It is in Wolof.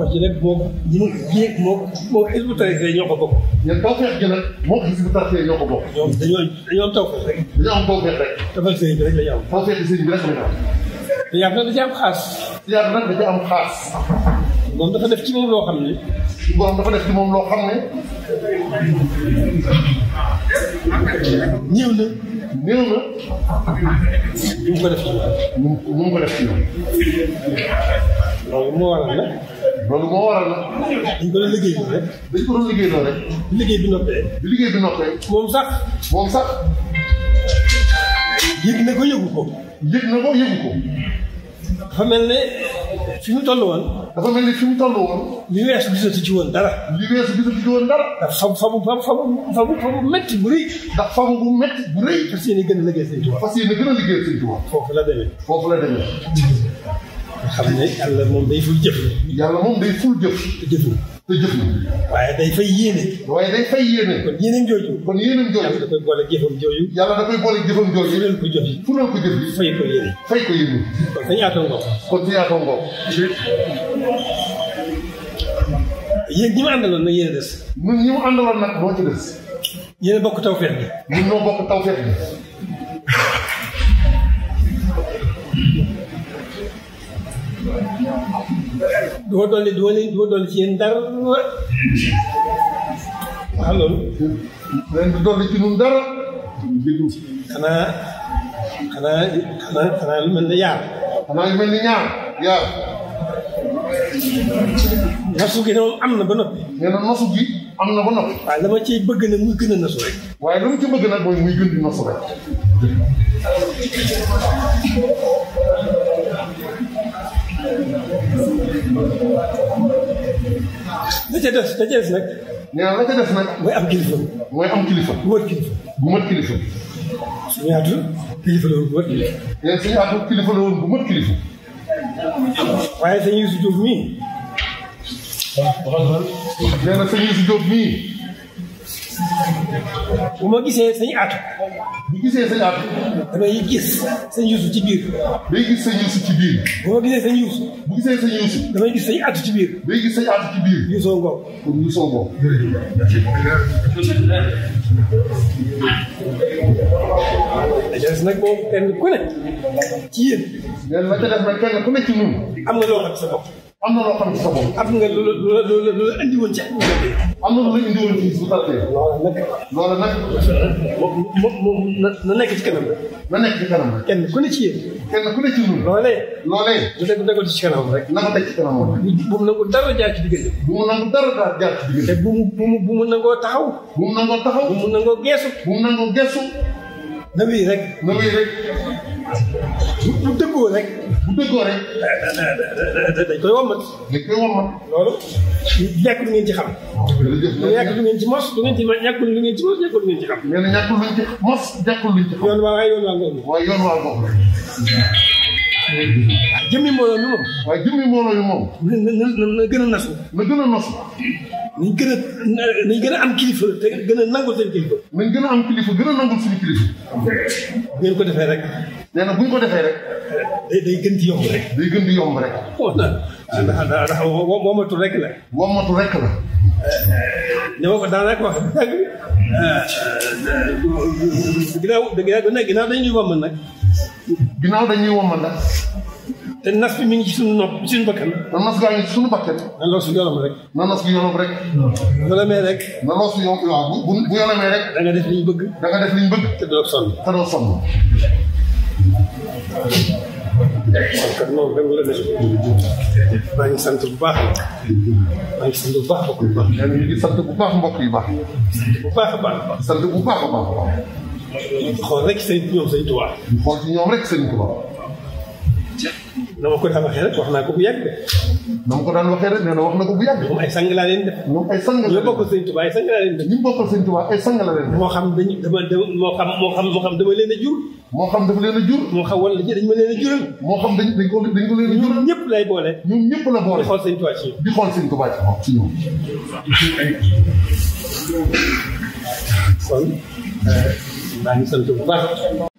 tawfeex ji rek moo ñi ñi moo moo Hizbut Tarqiyyah ñoo ko bokk. ñun tawfeex ji nag moo Hizbut Tarqiyyah ñoo ko bokk. ñoom dañoo dañoo am tawfeex rek. dañoo am tawfeex rek. tawfeex sëriñ bi rek la ñu am. tawfeex sëriñ bi rek la ñu am. te yaatu nag da ci am xaas. yaatu nag da ci am xaas. moom dafa def ci moom loo xam ne. moom dafa def ci moom loo xam ne. ñëw na. néew na. ni mu ko def ci ñoom. ni mu ko def ci ñoom. loolu moo waral nag. loolu moo waral nag. dañ ko doon liggéey bi rek. dañ ko doon liggéey loolu rek. bi liggéey bi noppee. bi liggéey bi noppee. moom sax. moom sax. yëg na ko yëgu ko. yëg na ko yëgu ko. dafa mel ne fi mu toll woon. dafa mel ne fi mu toll woon. li weesu gisatu ci woon dara. li weesu gisatu ci woon dara. ndax fabu fabu fabu fabu fabu métti bu rëy. ndax fabu bu métti bu rëy. fas yéene gën a liggéey Sëñ Tuubaa. fas yéene gën a liggéey Sëñ Tuubaa. foofu la demee. foofu la demee. xam ne yàlla moom day ful jëf. yàlla moom day ful jëf. te jëf na jëf waaye day fay yéene. waaye day fay yéene. kon yéeneen jooju. kon yéeneen jooju. yàlla da koy boole jëfam jooju. yàlla da koy boole jëfam jooju. fulal ko jëf yi fulal ko jëf yi. fay ko yéene. fay kon sa ñaata kon sa ñaata ngoog. yéen ñi ma àndaloon nag des. ñun mu àndaloon nag moo des. yéen bokk tawfeex bi. ñun ñoo bokk tawfeex bi. du ma dolli du ma leen dolli ci yéen dara waaw loolu. leen dolli ci ñun dara. xanaa xanaa xanaa xanaa lu mel ni yaar. xanaa lu ñaar yaar. nasu gi moom am na ba noppi. nasu gi am na ba noppi. waaye la ma ciy bëgg nag muy gën a nasu ci bëgg nag nasu rek. da ca des da ca des nag. nee na la ca des nag. mooy am kilifa. mooy am kilifa. bu mat kilifa. bu mat kilifa. suñu yaatu kilifa la woon bu mat kilifa. nee suñu yaatu kilifa la woon bu mat kilifa. waaye sëñ Youssou Diop mii. nee na sëñ Youssou Diop mii. bu ma gisee sañu at. bu gisee sañu at. gis sañ yuusu ci biir. day gis sañ yuusu ci biir. bu ma gisee sañ yuusu. bu sañ at ci biir. day gis sañu at ci biir. yuusoo ngoog. pour yuusoo ngoog. jërëjëf nag moom ci yéen. yéen ma am nga loo sa bopp. am na loo xam ne sa bopp. am nga lu la lu la lu la indi woon ci am na lu la indi woon ci su tawee. loolu nag. loolu nag. na nekk ci kanam. na nekk ci kanam rek. kenn ku ne ci yéen. kenn ku ne ci ñun. loolee. loolee. du teg du ci kanam rek. na ko teg ci kanamam rek. bu mu nangoo dara jaar ci diggante. bu mu nangoo dara jaar ci diggante. te bu mu bu mu bu mu nangoo taxaw. bu mu nangoo taxaw. bu mu nangoo geesu. bu mu nangoo geesu. na wéy rek. na wéy rek. bu dëggoo rek. bu dëggoo rek. dañ koy wommat. dañ koy wommat. loolu. ñàkkul ngeen ci xam. ñàkkul lu ngeen ci mos. lu ngeen ci ñàkkul lu ngeen ci mos ñàkkul lu ngeen ci xam. nee na ñàkkul luñ ci mos ñàkkul luñ ci xam. yoon waa waaye yoon waa ngooñ. waaye yoon waa ngooñ. jëmmi mbooloo mi moom. waaye jëmmi mbooloo mi moom. na gën a nasu. na gën a nasu. nañ gën a nañ gën a am kilifa te gën a nangul seen kilifa. nañ gën a am kilifa gën a nangul suñu kilifa. ngeen ko defee rek. nee na bu ñu ko defee rek. day day gën di yomb rek. day gën di yomb rek. waaw ndax womatu rek la. womatu rek la. ne ma ko daanaka wax ginnaaw ginnaaw dañuy womal nag. ginnaaw dañuy te nas bi ngi ci suñu suñu bakkan. na nas gaa na los yu yolom rek. na los rek. yolomee rek. na los yu yolom waaw rek. da def li bëgg. da nga def li ñu bëgg. te doo sonn te doo sonn. kon kat noonu dëgg la de maa ngi sant bu baax maa ngi sant bu baax mbokk yu baax. ñu ngi sant bu baax mbokk yu baax. bu baax a baax. sant bu baax a baax a baax. xool rek sëñ ñoom sëñ Tuubaa. xool ci ñoom rek sëñ Tuubaa. na ma ko daan waxee rek wax naa ko bu yàgg de. na ma ko daan waxee rek nee na wax na ko bu yàgg. moom ay sang laa leen def. moom ay sang la leen def ñu bokkal sëñ Tuubaa ay sang laa leen def. ñu bokkal sëñ Tuubaa ay sang la leen def. moo xam dañu dama dama moo xam moo xam moo xam dama leen a jur. moo xam dafa leen a jur. moo xam wala dañu ma leen a jural. moo xam dañ dañ ko dañ ko leen a jural. ñun ñëpp lay boole. ñun ñëpp la boole di xool sëñ Tuubaa ci di xool sëñ Tuubaa ci moom kon eh, maa ngi sant bu baax